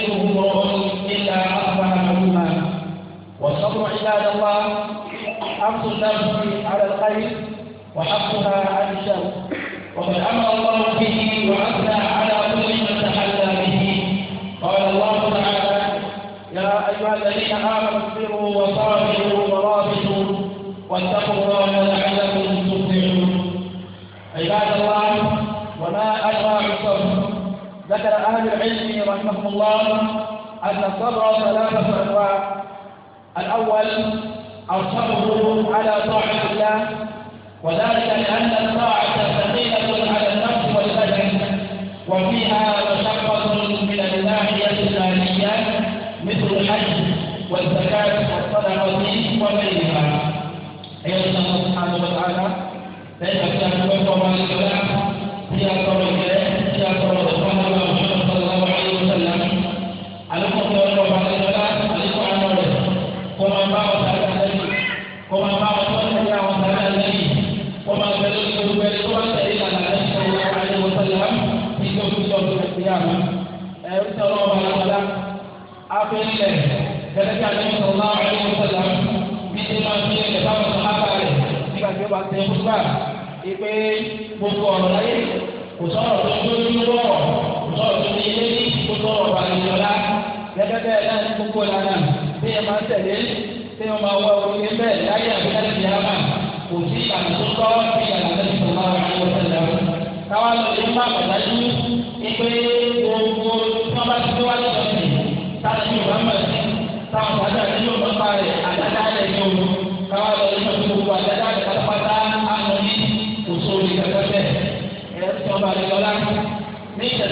يحيطه ضرر إلا أصبح ملوما والصبر عباد الله حفظ النفس على الخير وحقها عن الشر وقد أمر الله به وأثنى على كل من تحلى به قال الله تعالى يا أيها الذين آمنوا اصبروا وصابروا ورابطوا واتقوا الله لعلكم تفلحون عباد الله وما أدراك الصبر ذكر أهل العلم رحمهم الله أن الصبر ثلاثة أنواع الأول الصبر على طاعة الله وذلك لأن الطاعة ثقيلة على النفس والبدن وفيها مشقة من الناحية المالية مثل الحج والزكاة والصدقة وغيرها أيضا الله سبحانه وتعالى ليس في أن هي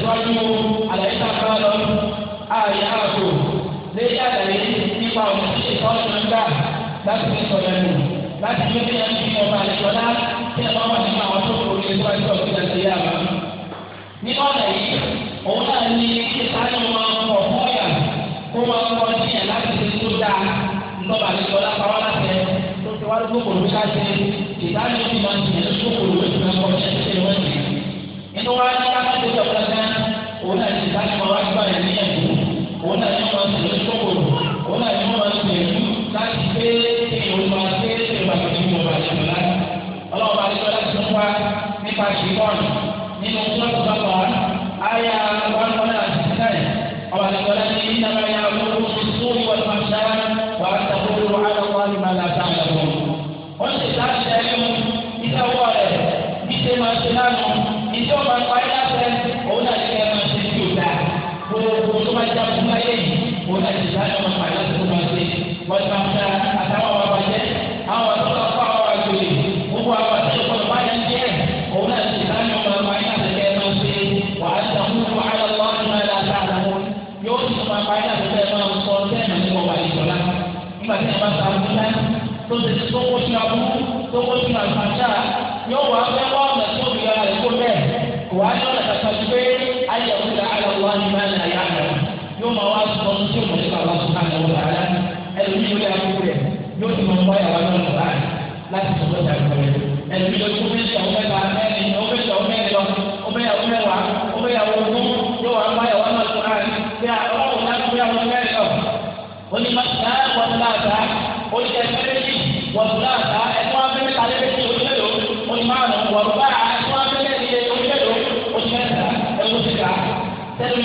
síwájú àlàyé tàbá lọ ààyè ààbò lórí àlàyé nípa ọ̀nà tí ìtọ́ láti fi sọ̀rọ̀ ẹ̀mí láti fi ní ẹni fi ọba àlejòlá tí ẹ bá wà nípa àwọn tó kọ̀ orí síwájú ọ̀gbìn àti ìyá àbá. ní ọ̀nà yìí òun náà ní ìtàní máa ń pọ̀ fún ọ̀yà kó máa ń kọ́ sí ẹ̀ láti fi tó dáa lọ́ba àlejòlá nínú wa ní ká tó tó kankan òun náà ti ká tó wá gbà yẹn ní ẹ̀dùn òun náà ní wọn sì lórí kókò òun náà ní wọn sì lórí láti gbé èèyàn lọ sí èèyàn àti ìwọ̀n àti ìwọ̀n láti ọlọ́ọ̀bá ní wọn láti fún wa nípa ṣìkọ́ọ̀nù nínú sọ́ọ̀tù bàbá àyà wọn wọn náà ti sílẹ̀ ọ̀bàdàn wọn ní ìdáwọ̀ yà tó máa fà ṣá yóò wá fẹ́ wá ọ̀nà tó fi ara rẹ̀ kó bẹ́ẹ̀ kò wá ní ọ̀nà kàkà ju pé ayé òkúta ara wa ni máa nà yá rẹ̀ yóò máa wá sọ ohun tí òun nípa wá sọ máa nà wọ́n rárá ẹlòmí yóò yá kú rẹ̀ yóò ti máa wáyà wá lọ́nà rárá láti sọ lọ́jà rẹ̀ ẹlòmí yóò kú bí ìyàwó mẹ́ta mẹ́rin ọmọ ìyàwó mẹ́rin lọ ọmọ ìyàwó mẹ́wàá ọmọ ìyàwó ogún yóò wá wáyà wá lọ́nà rárá bí àwọn ọmọ ìyàwó mẹ́rin lọ onímọ̀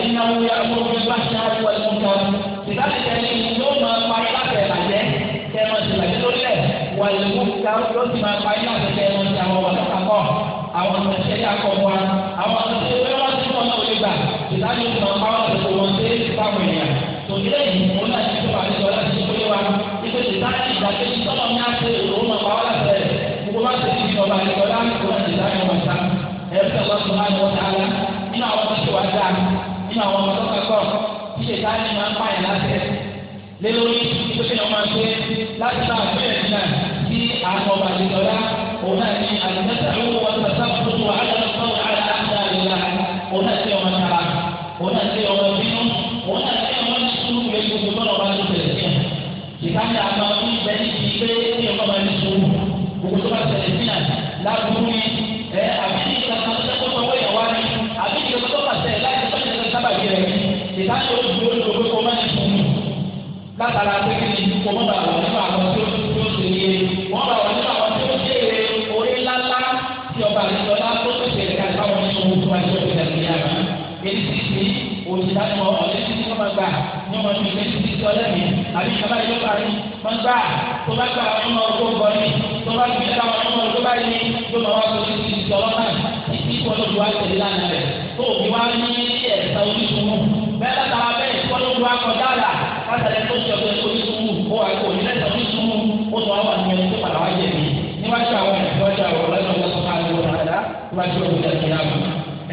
فإنه يأمر بالفحشاء والمنكر لذلك يوم قائلة العجل كما سمعت له والمنكر يوم قائلة كما سمعت له àwọn ọmọ ìṣẹ̀lẹ̀ akọkọ wa àwọn ọmọ ìṣẹ̀lẹ̀ wọn ti wọn náà wọlé gbà ìdájọ́ ìṣẹ̀lẹ̀ wọn báwọn ti tó wọn dé ìfowópamọ́ ènìyàn tó ní lẹ́yìn òun náà ti tó àti ìṣẹ̀lẹ̀ láti ṣe kólé wa ipe ti sáà ti ìdájọ́ ìṣọlọ ní àti òun náà báwọn láti rẹ gbogbo bá ti di ìjọba ìṣọlá àti ìṣọlá ìṣẹ̀lẹ̀ wọn ta ẹ nínú àwọn ọmọ tó kẹ́kọ̀ọ́ tí lè ta ni máa ń pààyàn láti ẹ̀ lé lórí tó fi ọmọ ṣe láti máa gbé ẹ̀ náà sí àwọn ọmọ àdìgbọ́lá òun náà ni àdìgbẹ́sẹ̀ owó wọn tó sá fún wa àdàlọ́sọ àdà àdà àdìgbà òun náà ti ọmọ tara òun náà ti ọmọ bínú òun náà ti ọmọ sùúrù lé gbogbo bọ́lá ọba tó tẹ̀lé sí ẹ̀ ìkànnì àmọ́ ìbẹ́ ti gbé ní ọkọ̀ máa ní sùúrù gbogbo tó bá tẹ̀lé sí ẹ̀ láàbùrú yìí ẹ̀ àbí ní ìkànnì ìtàn yóò dúró ní òwe kọ́mọ́ ní fún mi látara pé kí ni kọ́mọ́ bá wọ̀ nínú àwọn tí ó tó ṣe yé wọ́n bá wọ̀ nínú àwọn tí ó ṣe yé orí ńláńlá tí ọba àdìsọ́lá tó pèsè ẹ̀ka ìbáwọn nínú owó fún àjọ ìgbà ìyá rẹ̀ èyí sì sí òṣìṣẹ́ ọ̀rọ̀ létí tí wọ́n máa gbà ní ọmọ mi létí tí tí ọlẹ́ mi àbí ìjọba yóò parí wọ́n gbà tó bá gbà wọ́n máa gbó gbọ́ ni tó bá gbé ká wọ́n máa gbó báyìí yóò máa wá sọ sí ti ti ọlọ́mọ yìí tí kí wọ́n lọ́ọ́ wá tẹ̀lé lánàá rẹ̀ tó òbí wá ní ẹ̀sán oníṣòwò bẹ́ẹ̀ látara bẹ́ẹ̀ tí wọ́n ló wá kọjá là pàtàkì tó ti ọdún ẹ̀kọ́ ní sùnmù ó wà kó ní lẹ́sẹ̀ ní sùnmù ó sọ àwọn àti ẹni tó padà wá jẹ mí níwájú àwọn ìfọwọ́jà ọ̀rọ̀ lẹ́nu ọ̀rọ̀ sọ́kà ní wọn dáadáa níwájú ọ̀rọ̀ ìjà kìí àbọ̀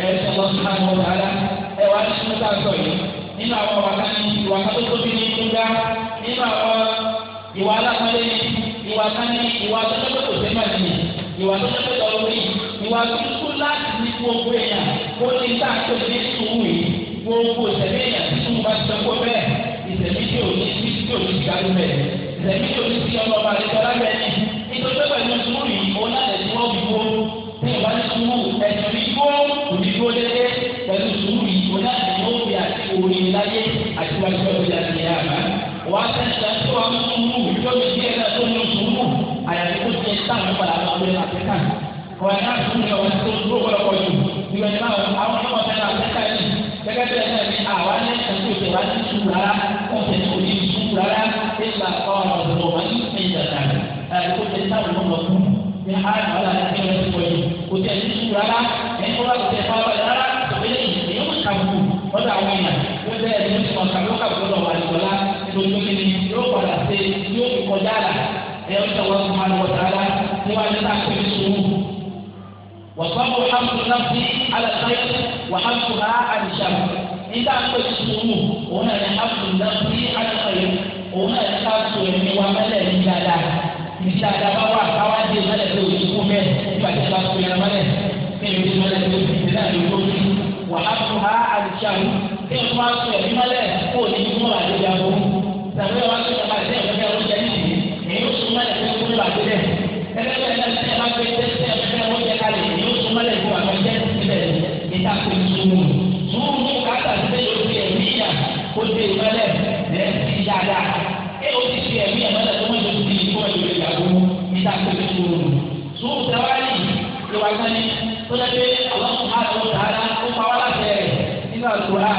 ẹ sọ́kọ́ sọ́kà ní wọn dáadáa ẹ wá ní sínú tá a sọ yìí nínú àwọn wákàtí ìwà kan tó tóbi ní inú nínú àwọn ìwà alákọ̀ọ́lẹ́ ní ìwà kan ìwà tó tó tó tẹ́ ìwà tó tó ìwà tó láti ní gbogbo èèyàn kó ní tá a ní sùúrù yìí gbogbo ìtẹ̀lé yẹn tí mo bá ti sọ pé bẹ́ẹ̀ ìtẹ̀lé tí ò ní sí tí ò ní sí kálí bẹ́ẹ̀ ìtẹ̀lé tí ò ní sí ọlọ́ba àdéjọba bẹ́ẹ̀ ni nítorí pé pẹ̀lú sùúrù yìí òun náà lè dúró bí gbó tí ìwà ní sùúrù ẹ̀sùn bí gbó òbí gbó dédé pẹ̀lú sùúrù yìí òun náà lè dúró bí àti òòrì láyé àti wájú ọ̀gbìn àti ìyá àbá wà á sẹ́ni gẹ́gẹ́ bẹ́ẹ̀ náà ni àwa ní ẹ̀sìn tó wá ní sùn rárá wọ́n tẹ̀ ní òní sùn rárá nígbà ọ̀rọ̀ ọ̀dọ̀ wọn ní ẹ̀yìn dàda rẹ̀ kó tẹ̀ sáà ló lọ fún ní àárọ̀ ọ̀la ní ẹ̀yìn rẹ̀ pọ̀ yìí kó tẹ̀ ní sùn rárá ẹ̀yìn tó wà kó fáwọn rárá tọ̀wélé yìí èyí ó kà kú ọ̀dọ̀ àwọn èèyàn ló kà ẹ̀ ń tọ́wọ́ fún wa ní wàhálà ha àdìsàmù nígbà tó ti sùnmù òun náà ní àbùdá bí àtàkàyè òun náà ní káàtó ẹ̀mí wa mẹ́lẹ̀ ní dáadáa ní dáadáa bá wà káwá dé mẹ́lẹ̀ tó ti kú mẹ́ nígbà tí wàá fi ẹran mẹ́lẹ̀ ní ìlú mẹ́lẹ̀ tó ti fi náà lóko ní wàhálà ha àdìsàmù ní ìfún àtò ẹ̀mí mẹ́lẹ̀ kó o ní kí wọ́n àdé yàgò tàbí wàá fi ẹ̀ka àti ẹ̀ka ọ̀jẹ̀ ní ìdí èyí ó sún mẹ́lẹ̀ tó kú ní ti sùn sùn mú kàtà sí pé yóò fi ẹ̀mí yà kó dé ìmọ̀lẹ̀ lẹ́yìn tí dáadáa o ti fi ẹ̀mí ẹ̀mọ́lẹ̀ tó mọ̀ lóṣù tí kò lè yàgò níta tó ti sùn sùn tẹ́wálì ìwà sani tó lẹ́gbẹ́ àwọn ọmọ àwọn tààrà o pa wá láti ẹ̀ nínú àtúrà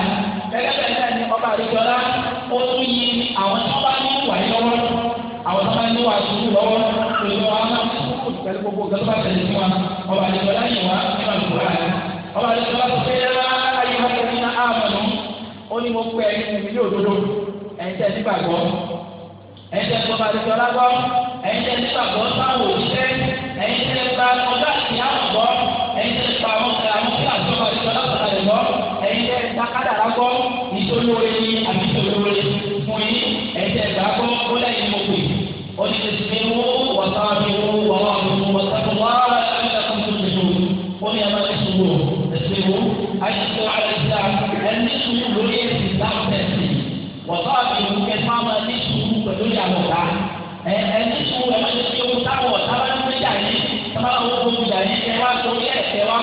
gẹ́gẹ́ bẹ́ẹ̀ náà ni ọba àdéjọ́lá ó tún yí àwọn tó bá ní ìwà yìí lọ́wọ́ àwọn tó bá ní ìwà sùúrù lọ́wọ́ pẹ̀lú àwọn amáṣe pẹ̀lú gbogbo gẹ́gẹ́ bá tẹ̀lé fún wa ọba àdéjọ́lá yìí wá nínú àtúrà ọba ní ọba tó fẹ́ ayé wọn kẹ́kẹ́ ní àmọ́nù ó ní mo pẹ́ ẹni mi ní òdodo ẹ̀yin tẹ́ ní gbàgbọ́ ẹ̀yin tẹ́ ní ọba tó fẹ́ lágbọ́ ẹ̀yin tẹ́ ní gbàgbọ́ sáwọn òṣìṣẹ́ ẹ̀yin tẹ́ ní gbàgbọ́ ọ̀gá àti àgbọ̀ ẹ̀yin tẹ́ ní gbàgbọ́ àwọn tí àti ọba tó fẹ́ lágbàlẹ̀ lọ ẹ̀yin tẹ́ ní takádà lágbọ́ ìtòlóore ni àbí mo pè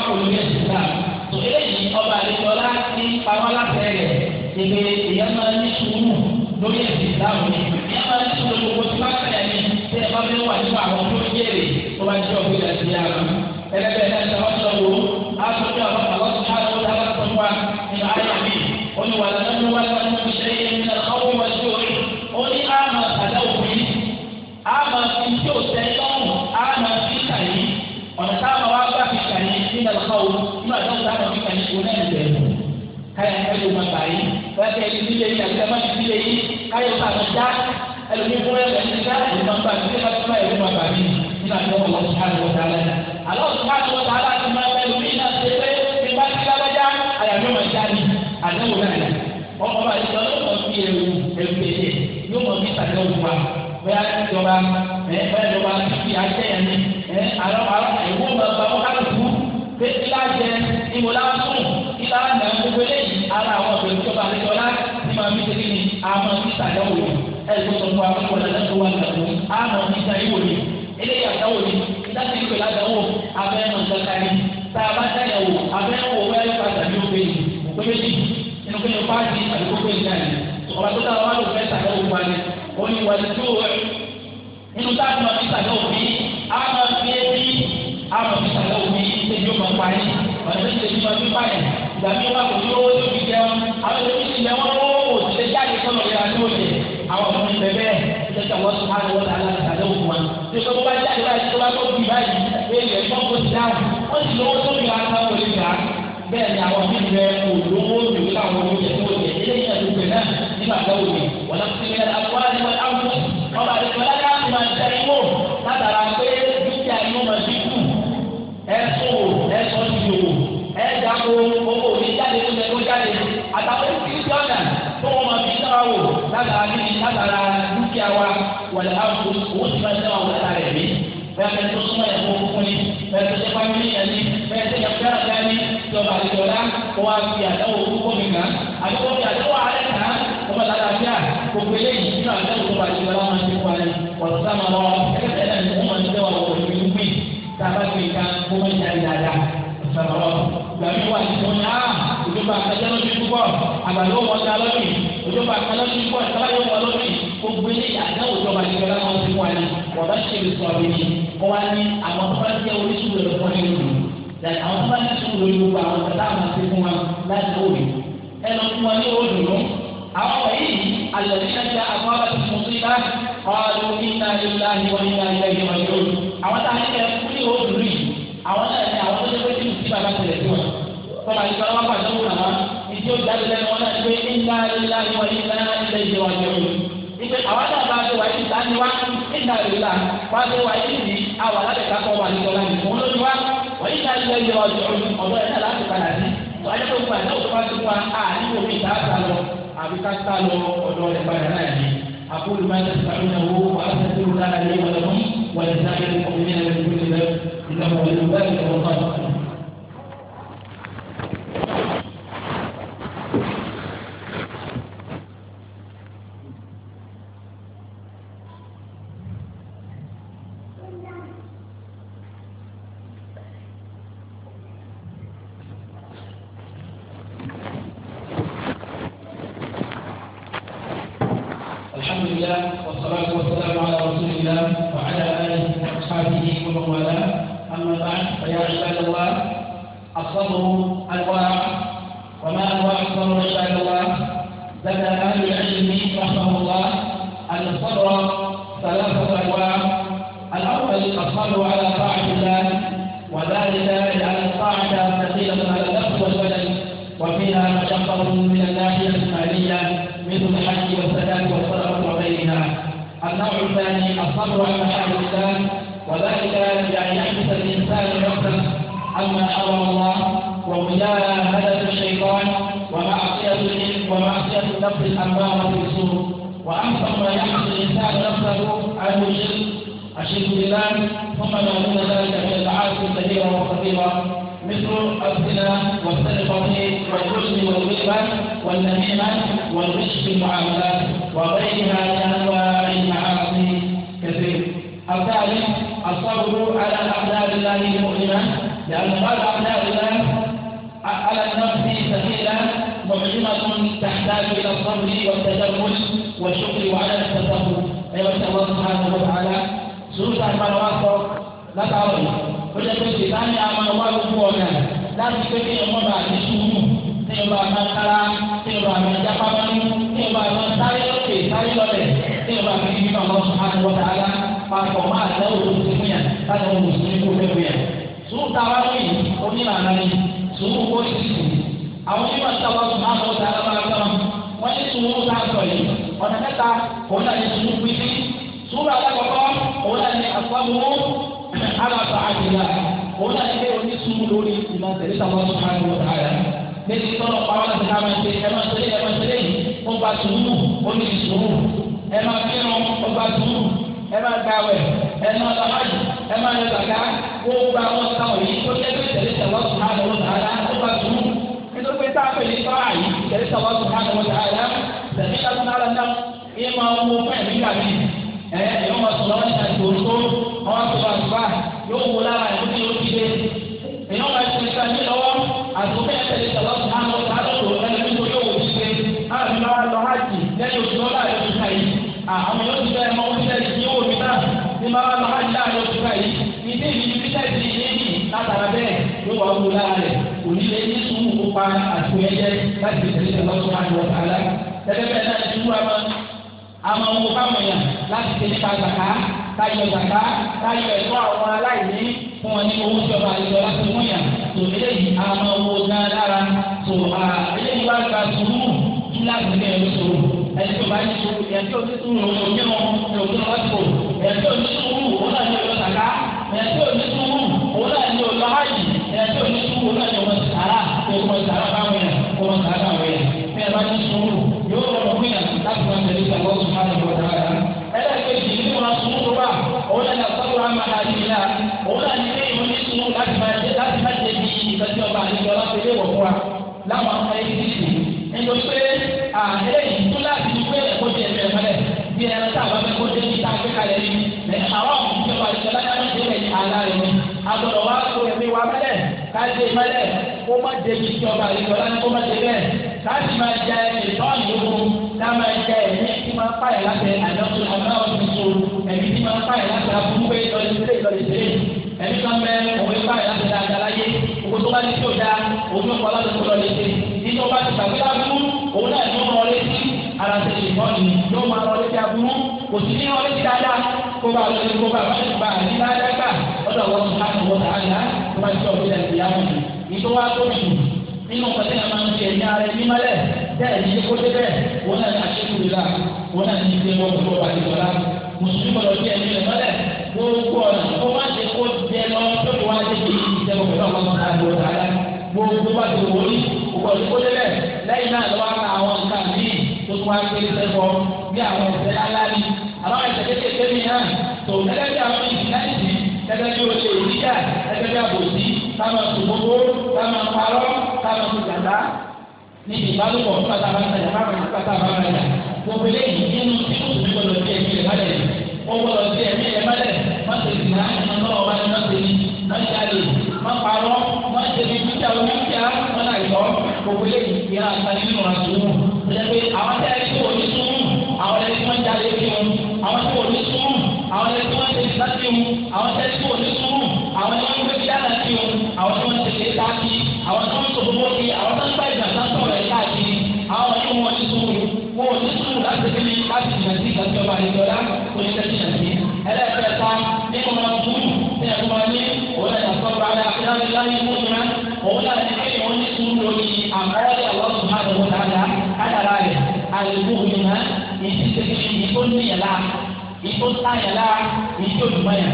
kò ní ẹsẹ̀ ta tó eléyìí ọba àdìsọ́lá ní pamọ́ látẹ̀rẹ̀ ìgbé ìyá máa ní sùúrù lórí ẹsẹ̀ ìdáhùn ní ìyá máa sílé yìí àti ẹ̀fọ́ ti sílé yìí káyọ̀ bá mi já ẹlòmíì fún ẹ̀fọ́ ti já ẹ̀fọ́ máa bá mi sílé bá ẹ̀fọ́ máa bá mi nínú àti ọkọ̀ wọn sùn káàdì wọ́tá alẹ́ náà. àlọ́ sùn káàdì wọ́tá alẹ́ àti máa bẹ ẹlòmíì náà ṣe pé bí bá ti lábẹ́já àyàmí wọn já ni àdéhùn náà yà. ọmọ bá ti sọ yóò mọ fi ẹrù ẹrù tètè yóò mọ fi sàdé òkúwa bóyá ìjọba ẹ bóyá ìjọba fi àjẹyẹ ni ẹ àlọ́ àlọ́ ìwọ́n máa gba ọkọ̀ àlùkù pé kí lájẹ ìwòlá sùn kí lájẹ gbogbo eléyìí ara àwọn àmọ́ níta yẹn wò yìí ẹ̀ ló sọ fún wa kó lọ́dọ̀ tó wà lọ́dọ̀ yìí àmọ́ níta yẹn wò yìí eléyà dáwò yìí láti ìpè ládàáwò abẹ́rẹ́ nǹkan tá a bá dáyà wò abẹ́rẹ́ wò wẹ́rẹ́ padà ní òkè yìí òkè méjì nínú pé nípa ti àdúgbò pé nǹkan yìí ọba tó dáwà ló fẹ́ sàdáwò wa ni òun ni wàlú tó wẹ̀ nínú táàbù máa fi sàdáwò bí àmọ́ fi ebi àmọ́ fi sàdáwò bí ìṣèjú máa parí ọ̀nà tó ti ṣe bí máa fi pààyàn ìgbà ń bẹ bẹ́ẹ̀ ṣe ṣe àwọn sùnmọ́ àwọn ọ̀dà aláàtàlẹ́ òkú wa ṣe bá jáde báyìí tó bá tó bì báyìí pé ilẹ̀ tó kó ti dáhùn ó sì tó bì láti wọn lè gbà bẹ́ẹ̀ ni àwọn bí bẹ olówó ìwé àwọn olóyè tó yẹ eléyìí ẹ̀ látara bíi látara dúkìá wa wàlẹ̀ àbùkù owó tí wọ́n ti náà wọ́n lára ẹ̀mí bẹ́ẹ̀ bẹ́ẹ̀ tó súnmọ́ ẹ̀kọ́ fún ni bẹ́ẹ̀ tó ṣe fámìlì yẹn ni bẹ́ẹ̀ tó yẹ fẹ́ràn fẹ́ ni ìjọba àdìjọ́lá kó wá fi àdáwò púpọ̀ mi kàn àdúgbò fi àdáwò alẹ́ kàn ọmọ làlàáfíà gbogbo eléyìí nínú àdáwò tó bá àdìjọ́lá máa ti kọ́ alẹ́ wọ̀lọ́ sáà máa wọ́n ẹgbẹ́ náà ni wọ́n máa ń tẹ́wà wọ̀ ní gbìn tá a bá fi nǹkan gbogbo ìjà ìdàdà ìsọ̀rọ̀ gbàmí wà ní ah, ìjọba àgbàjọ́ lọ́dún púpọ̀ àgbàdo wọn ta lọ́dún ìjọba kan lọ́sí kọ́ ẹ̀ sábà yóò wọ lọ́sí gbogbo ilé àdáwò ìjọba ìjọba láwọn ti fún wa ní wọ́n ṣe lè sọ àwọn ènìyàn wọ́n wá ní àwọn tó bá jẹ́ oníṣòwò lọ fún ẹni lò láti àwọn tó bá ní sùn lórí gbogbo àwọn tó bá máa ti fún wa láti òòlù ẹ lọ fún wa ní òòlù lọ àwọn wọ̀nyí alẹ́sẹ̀ jẹ́ àwọn aláṣẹ mùsùlùmá ọ̀ọ́dún iná ìlà ìwọ̀n iná ìlà ìwọ̀n yóò àwọn tá a ní kẹ́ fún ní òòlù rí àwọn náà ní àwọn tó ṣe pé kí mùsùlùmá bá tẹ̀lé sí wọn. tọ́lá ìgbà wọn pàṣẹ wọn náà tí ó jáde lẹ́nu wọn náà pé nígbà lílá ìwọ nígbà ilé ìdè wọn yóò wù. Ipe àwọn náà bá ti wà ní ìta ni wá nígbà lílá wá ti wà ní ìdí àwọn alábẹ̀ kakọ̀ wà ní ìjọba ní òun lójú wa wọ́n nígbà ilé ìdè wọn yóò wù ọ̀dọ́ ẹ̀ náà láti padà sí. Wọ́n á dẹ́kun gbà náà tó bá ti wá a nílò mi ìta àgbà lọ àbí ká sá lọ ọ̀dọ́ ẹ̀ padà náà yìí. أقول ما تسمعونه وأستغفر الله لي ولكم ولسائر المؤمنين من كل ذنب إنه ولي ذلك والله الحمد لله والصلاة والسلام على رسول الله وعلى آله وأصحابه ومن والاه أما بعد فيا عباد الله الصبر أنواع وما أنواع الصبر عباد الله ذكر أهل العلم رحمه الله أن الصبر ثلاثة أنواع الأول الصبر على طاعة الله وذلك لأن الطاعة ثقيلة على النفس والبدن وفيها مشقة من الناحية المالية مثل الحج والصلاة والصدقة وغيرها. النوع الثاني الصبر عن محارم الله وذلك بأن يحدث الإنسان نفسه عما حرم الله هدف الشيطان ومعصية ومعصية النفس الأمارة بالسوء وأحسن ما يحدث الإنسان نفسه عنه الشرك الشرك بالله ثم ما دون ذلك من العاصي الكبيرة والخطيره مثل الزنا والسرقة الحسن والغفة والنميمة والرشد في المعاملات وغيرها من أنواع المعاصي كثير. الثالث الصبر على أقدار الله المؤلمة لأن بعض أقدار الله على النفس ثقيلة معجمة تحتاج إلى الصبر والتجمل والشكر وعدم التصرف. أيها الله سبحانه وتعالى سلوك المنواصب لا تعرف. ó jẹ́ pé أمر الله àwọn ọmọ لا gbogbo ọ̀gá láti tí o bá a máa kára tí o bá a máa jápá máa ní tí o bá a máa sáré lókè sáré lọlẹ̀ tí o bá a máa ni sùúrù kó sì sì àwọn onímọ̀ tí a wá sùn máa wọ́n ta ara máa tán wọ́n ní sùúrù tá a sọ yìí ọ̀nà mẹ́ta òun náà ní sùúrù pínpín sùúrù alákọ̀ọ́kọ́ òun náà ní àkọ́mọ́ alábàá àdìyà òun náà ní pé lẹ́yìn tọ́lọ̀ pàmò àti ká máa ṣe ẹ máa ṣe ẹ máa ṣe lẹ́yìn ó gba sùúrù ó ní sùúrù ẹ máa fẹ́ràn ó gba sùúrù ẹ máa gba àwẹ̀ ẹ máa lọ́wọ́dì ẹ máa yọ gàgá ó gba wọn sáwọn yìí tó jẹ́ pé tẹ̀lé tẹ̀wọ́ sùn á lọ́wọ́ sàrà ó gba sùúrù nítorí pé táà pèlè tọ́ àyè tẹ̀lé tẹ̀lé tẹ̀wọ́ sùn lọ́wọ́ sàrà ìyẹn máa ń èèyàn máa ti ta ní lọ́wọ́ àtúntò ẹ̀tẹ̀lẹ̀ tàbá fún hàn lọ́wọ́ tá a lọ́wọ́ ẹni tó yóò wò sí pé a ah, lè máa lọ hajj lẹ́yìn oṣù lọ́la rẹ̀ oṣù ká yìí ah, àwọn yóò ti bẹ́ẹ̀ máa wọ́n ti tẹ̀sí yóò mi náà ní máa lọ hajj láàrin oṣù ká yìí ìdí ìdí ti tẹ̀sí yéèdì látara bẹ́ẹ̀ yóò wá wú lára rẹ̀ òní lè ní sùúrù kópa àtúntò ẹ̀jẹ̀ láti tẹ̀lé tàbá fún hàn lọ́wọ́ tá a lá àmọ́ wọn bá wọn yàn láti tẹ̀lé ta zàká ta yọ zàká ta yọ ẹ̀kọ́ àwọn aláìní fún wọn ní owó tí ọba àlejò láti mú yàn tó eléyìí a máa wo náà lára tó a eléyìí wá gba sùúrù tún láti ní ẹ̀rọ sòrò ẹni tó bá ní sùúrù ẹni tó ní sùúrù òun ní wọn ní òun lọ sí òun ẹni tó ní sùúrù òun náà ní ọjọ́ sàká ẹni tó ní sùúrù òun náà ní ọjọ́ háyì ẹni tó ní sùúrù òun náà ní ọjọ́ sàrà ọjọ́ sàrà báwọn yàn ọjọ́ sàrà báwọn yàn bí ẹ bá ní sùúrù yóò rọrùn fún yàn láti máa tẹ̀lé ìgbàgbọ́ sùn òun náà ní bẹ́ẹ̀ ìwọ́n ní sùúrù láti máa jẹ láti máa jẹ bí ìtọ́jú ọba àlejò aláfẹ́lẹ́ wọ̀ fún wa láwọn ọmọ ẹgbẹ́ ìdìbò nítorí pé àhẹ́lẹ́ yìí tó láti ní pé ẹ̀kọ́ jẹ ẹ̀fẹ́ mọ́lẹ̀ bí ẹran tá a bá fẹ́ kó dé ní táàgbé kalẹ̀ ní ẹ̀ àwọn ìjọba ìjọba agbọ̀dọ̀ wá kó ẹ̀mí wa ẹ̀mí tí máa ń pààyàn láti ra fún pé lọ́dún sílé lọ́dún sílé ẹni kan bẹ òun ipa rẹ̀ láti dáadáa láyé òun tó bá ní tó dáa òun yóò kọ́ láti kó lọ létí nínú ọba ti gbàgbé lábúrú òun náà yóò rọ létí ara ṣe lè mọ́ ni yóò máa rọ létí aburú kò sí ní rọ létí dáadáa kó bá lọ kó bá bá ní dáadáa gbà ọ̀dọ̀ wọn sùn láti wọ́n sàn án tó bá ti ọ̀gbìn ẹ̀sìn yá wọn ni ìtọ́wá tó sùn nínú pẹ̀lú àwọn ọmọ ìṣẹ̀lẹ̀ ní ara ẹni mọ́lẹ̀ bẹ́ẹ̀ ni kó dé mùsùlùmí gbọ́dọ̀ bí ẹni rẹ mọ́lẹ̀ gbogbo ọ̀nà kó má ṣe kó jẹ lọ tó kó wá ṣe kí ìṣẹ́ òkè náà wọ́n máa lò dáadáa gbogbo bá ti wò ní òkò òdìbò délẹ̀ lẹ́yìn náà lọ́wọ́ ká àwọn nǹkan míì tó tún wá gbé sẹ́kọ̀ bí àwọn ìṣẹ́ aláàbí àwọn ìṣẹ́ kékeré mi hàn tó gẹ́gẹ́ bí àwọn ìṣìláìsì gẹ́gẹ́ bí olè ìdíjà gẹ́gẹ́ bí àbòsí táwọn àtòkòkò táwọn àpárọ̀ táwọn àtòkàtà ní ìbálòpọ̀ nígbà táwọn àtàjà gbogbo eléyìí nínú tí kò tún gbọdọ̀ jẹ́ ẹ̀mí ẹ̀ bálẹ̀ wọ́n gbọdọ̀ jẹ́ ẹ̀mí ẹ̀ bálẹ̀ má ṣe ìgbà ẹ̀mí náà wà ní má ṣe ní má ṣe àlè má parọ́ má ṣe ní dúkìá onídúkìá má náà yọ gbogbo eléyìí ìyá àtàlẹ́ nínú àtúwò ẹgbẹ́ àwọn tẹ́ ẹni tí wọ́n ní sùn àwọn ẹni tí wọ́n jalè fi wọn àwọn tí wọ́n ní sùn àwọn ẹni tí wọ́n ṣe ìgbà fi wọn àwọn tẹ́ tí wọ́n ní sùn àwọn ẹni tí wọ́n gbé láti jìnà sí ìgbàgbọ́ ọba àdìgbọ́lá oníṣẹ́ jìnà sí. ẹlẹ́ẹ̀kẹta nínú wọn dúró ní ẹ̀kọ́ wọn ní òun náà yàtọ̀ bá rẹ̀ àfihàn láyé mú ìrà òun náà ní kí wọ́n ní sùn lórí àmọ́lẹ́ ọlọ́sùn máa lọ́wọ́ dáadáa kádàrá rẹ̀ àlùkò ìrìnà ìdíje ìbò níyàlá ìbò táyàlá ìbò ìmọ̀yà.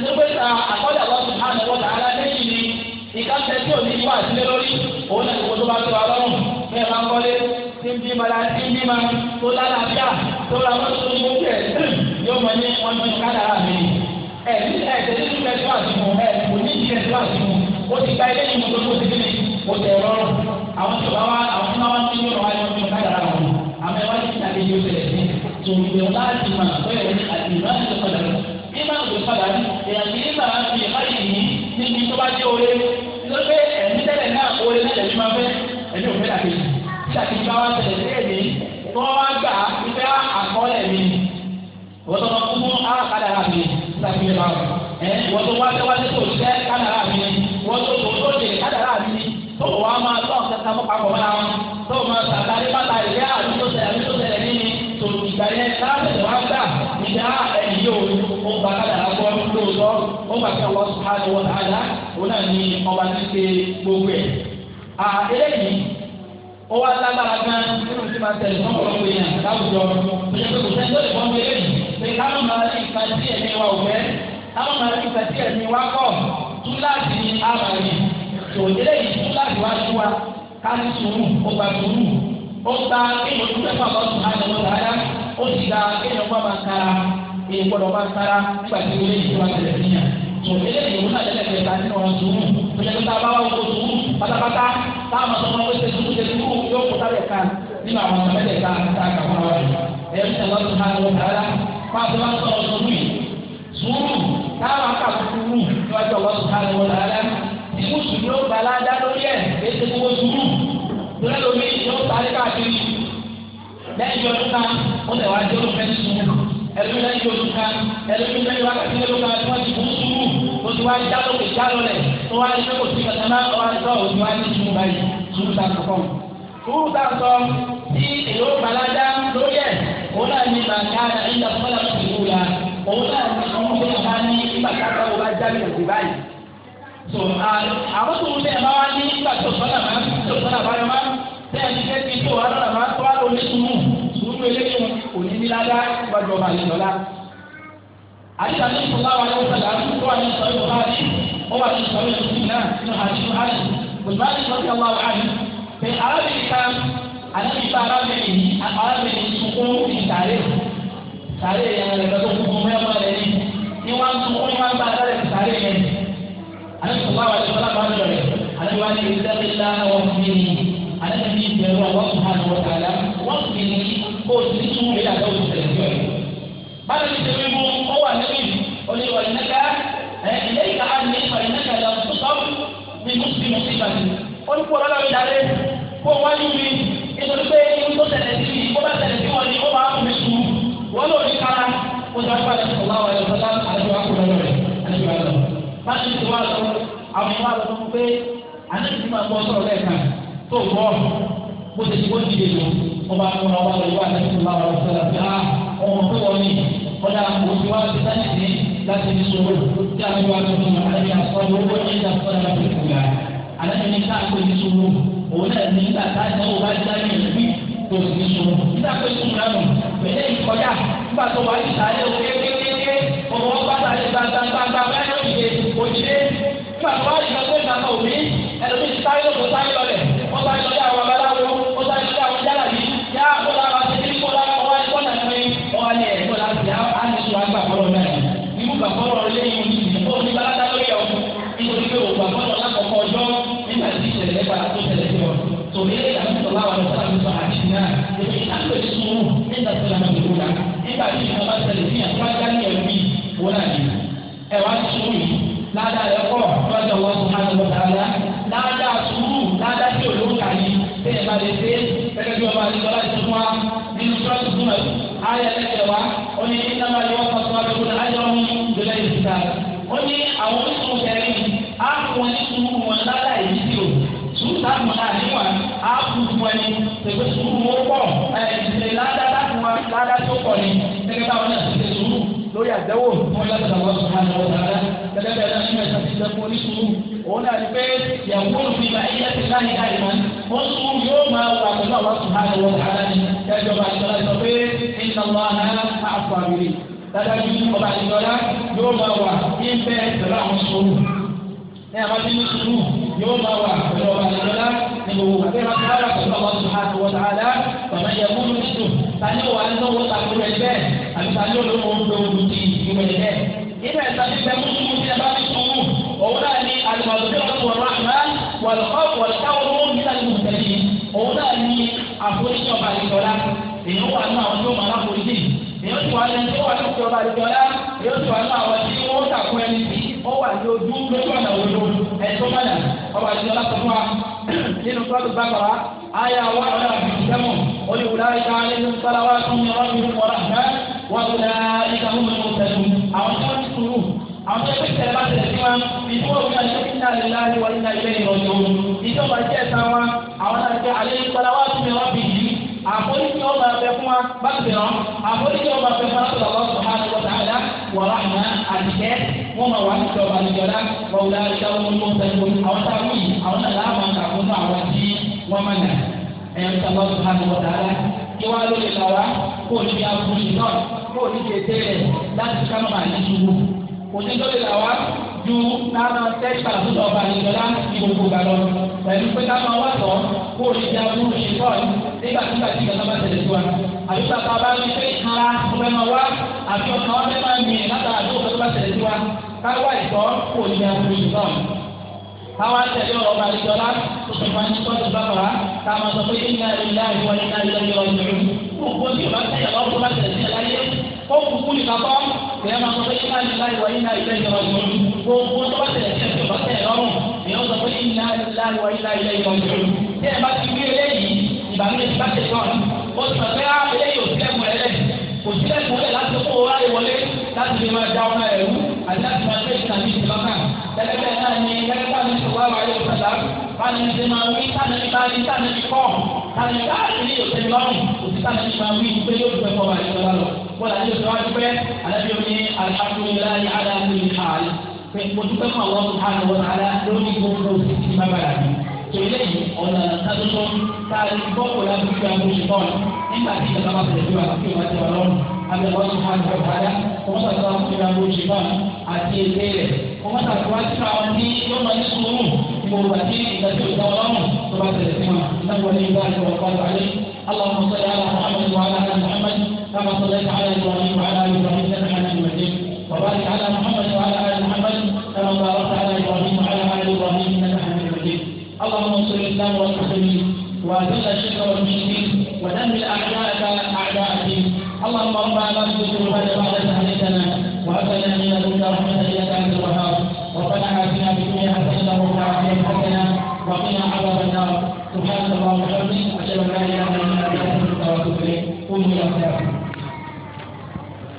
nígbà àkọ́lẹ̀ ọlọ́sùn máa lọ́wọ́ dáadáa lẹ́yìn ni ìkàtẹ tí òní ìfọ àtìlẹ lórí òun náà kò tó bá tó wa lọ́rùn ní ẹ̀ máa ń kọ́lé tí ń bímọ la tí ń bímọ tó lálàáfíà tó ra mọ́tò tó ń mú kẹ̀ yóò mọ ní wọn ní kádàrà mi ẹ̀ ní ẹ̀ tẹ̀lé ní kẹ̀tí wà sí mu ẹ̀ kò ní ìdí kẹ̀tí wà sí mu ó ti gba ilé ìmọ̀ tó tó ti kíni ó tẹ̀ lọ́rùn àwọn tó bá wá àwọn tó bá wá ní yóò wá ní kádàrà wọn àmọ́ ẹ wá ní ìtàgé yóò tẹ̀lé sí tòmìnira láti mọ̀ pé ẹ̀ ní àdìmọ́ àti ìfọ̀dà níbi tó bá dé oore lọ́pẹ́ ẹ̀mí tẹ́lẹ̀ náà oore náà lẹ́yìn máa fẹ́ ẹ̀mí òfin àkejì tí àkejì bá wá tẹ̀lé sí èmi tó wá gbà wípé àkọọ́lẹ̀ mi wọ́n tó máa kú fún alákàdá rà mí láti fi máa ẹ̀ wọ́n tó wáṣẹ́ wáṣẹ́ tó ṣẹ́ kádà rà wọ́n tó tó tó lè kádà rà tó wà á máa tó àwọn mọ́ papọ̀ mọ́ra wọn tó máa sàkárí bàtà ìyá àdúgbò tẹ̀lé àdúgbò tẹ̀lé rọrùn ó gbà pé Allah subhanahu wa ta'ala òun náà ní ọba ti ṣe gbogbo ẹ̀. à eléyìí ó wá lágbára gan nínú tí máa tẹ̀lé fún ọ̀pọ̀lọpọ̀ èèyàn láwùjọ ìyẹn pé kò sẹ́ni tó lè fọ́n mi eléyìí pé káwọn máa rí nǹkan tí ẹ̀mí wa ò fẹ́ káwọn máa rí nǹkan tí ẹ̀mí wa kọ̀ túláàsì ni a máa rí tò eléyìí túláàsì wá sí wa ká ní sùúrù ó gba sùúrù ó gba kéèyàn tó fẹ́ fà lọ́sùn àjọ ó sì gba kéèyàn gbọ́ máa èyí gbọ́dọ̀ máa sára nígbà tí ilé yìí wá tẹ̀lé níyà tó eléyìí wọn náà lẹ́lẹ̀ kẹta nínú ọ̀rọ̀ sùúrù pẹ̀lẹ́pẹ̀ tá a bá wà wọ́n sùúrù pátápátá táwọn ọmọ wọn ṣe sùúrù ṣe sùúrù yóò kó sáré kan nínú àwọn ọmọ mẹ́tẹ̀ẹ̀ta tá a kà fún wa rẹ̀ ẹ̀yẹ́ mi sọ̀rọ̀ tó máa lọ sára máa fi máa sọ̀rọ̀ sùúrù yìí sùúrù táwọn akà sùúrù níwájú ọ̀wọ́ tó máa lọ sára tí ẹlòmí lẹ́yìn oṣù kan ẹlòmí lẹ́yìn wákàtí mélòó kan tí wọ́n ti bú sùúrù o ti wá já lókè já lọlẹ̀ tó wá ní kò sí kàtà náà wá ní sọ òní wá ní sùúrù báyìí sùúrù ta kọ̀kọ́. sùúrù ta sọ tí èyí ó balada lórí ẹ̀ òun náà ní bàtà ìjà fọlá ti wù ya òun náà ní ọmọ tó bá ní bàtà bá wò bá já ní òkè báyìí. àwọn tó ń bẹ̀ máa wá ní bàtà sọ́nà máa tó sọ́nà bá yọ máa bẹ́ẹ̀ ni irú eléyìí kò ní ní ládá gbọ́dọ̀ ọba àlejòlá. àyíká ní ìfọlá wa ló sọlá tó wà ní ìsọ̀rọ̀ ìfọlá ní ó wà ní ìsọ̀rọ̀ ìfọlá náà nínú àdínú hàlì òṣùwà ní ìsọ̀rọ̀ ìyàwó àwọn àmì pé arábìnrin kan àdínnípa arábìnrin yìí arábìnrin sunkún ní sàárè sàárè yẹn rẹ̀ lọ́dọ̀ fún mẹ́wàá rẹ̀ ní ní wọ́n tún wọ́n wá gba bá ń lọ rẹ̀ àdínnípa ní ìsọ̀rọ̀ ní bó o ti o ilé àti ọ̀hún tẹ̀lé jọ yìí. báyọ̀ ti tẹ̀lé mú ọ wà níbí oníwà ìnáka ilé ìka á ní ìfà ìnáka ìlà tó sọ ní mùsùlùmí sí ìbàdí. ó ní kó lọ́la mi dalé kó wọ́n ní mi nítorí pé irun tó tẹ̀lé sí i kó bá tẹ̀lé sí wọn ni ó máa kún mi sùn wọ́n lò ní kára kó sọ fún àlẹ́ sọ̀rọ̀ àwọn ẹ̀rọ sọ́lá àdúrà kó lọ́wọ́ rẹ̀ àdúrà lọ. báyọ̀ ti wá lọ àwọn ìwà lọ fún pé àná ọba múra wá lórí wà lẹ́yìn tó bá wà lọ́sẹ̀ láti á ọmọ pé wọ́n ní ọ̀dà òsì wá ti sáyẹ̀ sí láti ní sọ̀rọ̀ tí a ti wá tó fún àlẹ́ yà sọ ní owó ẹ̀dá fún ẹ̀dá fún ìgbà àlẹ́ mi ní káàkó ní sọ̀rọ̀ òun náà ní nígbà táyà ó bá dáyé ìlú tó sì ní sọ̀rọ̀ nígbà pé sọ̀rọ̀ nù pẹ̀lẹ́ ìkọjá nígbà tó wà ní sàlẹ̀ òkè kékeré ọmọ ọba ṣègbè sùúrù ó pọ̀ ẹ̀ ìṣẹ̀lẹ̀ ládàá tó wà ládàá tó pọ̀ ni gẹ́gẹ́ báwọn náà ti ṣe sùúrù lórí àdẹ́wò wọn yọ sọ̀rọ̀ wọn sọ̀rọ̀ àwọn ọ̀rọ̀ rẹ bẹ́ẹ̀ náà nígbà tí ìṣẹ́ fún oníṣòwò òun náà ni pé ìyàwó òfin máa yẹ ti láyé láyé wọn wọn sùn yóò máa wà pẹ̀lú àwọn sọ̀rọ̀ àwọn ọ̀rọ̀ rẹ ni ẹjọba ìṣọ̀rọ̀ sọ pé ìṣọ̀rọ̀ àná ní àwọn tí ní sùúrù yóò máa wà pẹ̀lú ọba àdìgbọ́lá ní gbogbo àti ẹ̀rọ tí wọ́n pẹ̀lú ọba subhanahu wa ta'ala bàbá yẹ fún mi sùn tani wà ń lọ́wọ́ tàbí rẹ̀ bẹ́ẹ̀ àti tani ò lówó ń lówó ti ìwé rẹ̀ ibẹ̀ tani bẹ́ẹ̀ mú sùúrù tí a bá fi sùúrù òun náà ni àlùmọ̀tò tí wọ́n tó wọ ọwọ́ àti ojú lójú ọ̀nà òdo ẹ̀tọ́ padà ọwọ́ àti ọlọ́kọ̀ọ́ wa nínú sọ́ọ̀tù bàbá ayé àwọn ọ̀nà àbíkẹ́mọ̀ olùwùlá ìka nínú sọ́láwá tó ń yọrọ̀ nínú ọ̀rọ̀ àgbẹ̀ wọ́n tó dáa ìka mú mi mọ̀ tẹ̀lé àwọn tó ń sùúrù àwọn tó ń tẹ̀lé bá tẹ̀lé sí wa ìfowó mi àti ìnà lílá ìwà ìnà ilé ìrọ̀jò ìjọba jẹ́ ẹ̀sán wa àwọn àti àlejò sọ́láwá tó ń yọrọ̀ bì àforíjì ọba abẹ fún wa bá ti rán àforíjì ọba abẹ fún wa tó lọ́wọ́ sọ ha lọ́wọ́ sàádá wọ̀rọ̀ àná àdìgẹ́ wọ́n máa wà nípa ọba àdìgọ́lá wọ́wọ́lá ìṣàwọn ọmọ ọ̀sẹ̀gbọ́n àwọn táwọn yìí àwọn nàlá àwọn àkàkùn náà àwọn tí wọ́n máa nà ẹ̀yọ́ sọ̀rọ̀ sọ ha lọ́wọ́ sàádá kí wọ́n á lóye làwá kó o níbi àbúrò náà kó o níbi ètè rẹ̀ láti ká ju káwọn tẹ́tà lọ́dọ̀ ọba ìjọba ní gbogbo ìgbà lọ pẹ̀lú pé káwọn wà tọ́ kó o lè di aburú ṣe pọ̀ nígbà tí gbàtí ìgbà bá tẹ̀lé tiwa. àbí bàbá bá rí pé ara tó fẹ́ máa wá àbí ọkàn wọn fẹ́ máa mì látara tó fẹ́ bá tẹ̀lé tiwa káwá ìtọ́ kó o lè di aburú ṣe pọ̀. káwá tẹ̀lé ọba ìjọba tó fi máa ń tọ́ ti bàbá káwọn sọ pé iná ilé ìwọ iná ilé ìwọ ìjọba ìyá máa sọ pé iná ìlà ìwà iná ilé ìjọba ìjọba gbogbo tó bá tẹ̀lé sí ẹ̀sìn ọba tẹ̀lé lọ́rùn ìyá sọ pé iná ìlà ìwà iná ilé ìjọba ìjọba tí ẹ bá ti wí eléyìí ìbànújẹ́ ti bá tẹ̀ tán ó ti sọ pé á eléyìí ò sílẹ̀ mú ẹlẹ́ kò sílẹ̀ mú ẹ láti kó o ráyè wọlé láti lè máa da ọmọ ẹ̀rú àti láti máa tẹ̀lé ìtàn bíi ìbákan gẹ́gẹ́ náà ni gẹ́gẹ́ bá mi sọ̀rọ̀ àwọn ayé òṣèlú báni ṣe máa wí tánàbí bá rí tánàbí wọ́n àti oṣù wa dúpẹ́ alábíyọ̀ ní alihamudulilayi aláàbò ìhàlì pé mo dúpẹ́ fún àwọn ọmọ àná wọn àlá lórí gbogbo títí bàbára mi tòun lẹ́yìn ọ̀nà tàdúntò táàrí bọ́ọ̀kọ̀ láti fi àwọn oṣù bọ́ọ̀lù nígbà tí ìjọba bá tẹ̀lé wa kí wọ́n ti wà lọ́rùn àbẹ̀ wọ́n ti hàn jọ padà wọ́n sàtọ́ àwọn fi àwọn oṣù bọ́ọ̀lù àti èdè rẹ̀ wọ́n sàtọ́ wá sí àwọn tí yóò máa ní sùúrù كما صليت على ابراهيم وعلى ال ابراهيم انك حميد مجيد وبارك على محمد وعلى ال محمد كما باركت على ابراهيم وعلى ال ابراهيم انك حميد مجيد اللهم انصر الاسلام والمسلمين واذل الشرك والمشركين ودمر اعداءك اعداء الدين اللهم ربنا لا تزغ قلوبنا بعد اذ هديتنا من لدنك رحمتك يا انت الوهاب ربنا اتنا في الدنيا حسنه وفي الاخره حسنه وقنا عذاب النار سبحانك اللهم وبحمدك اشهد ان لا اله الا انت استغفرك واتوب اليك قوموا يا صلاتكم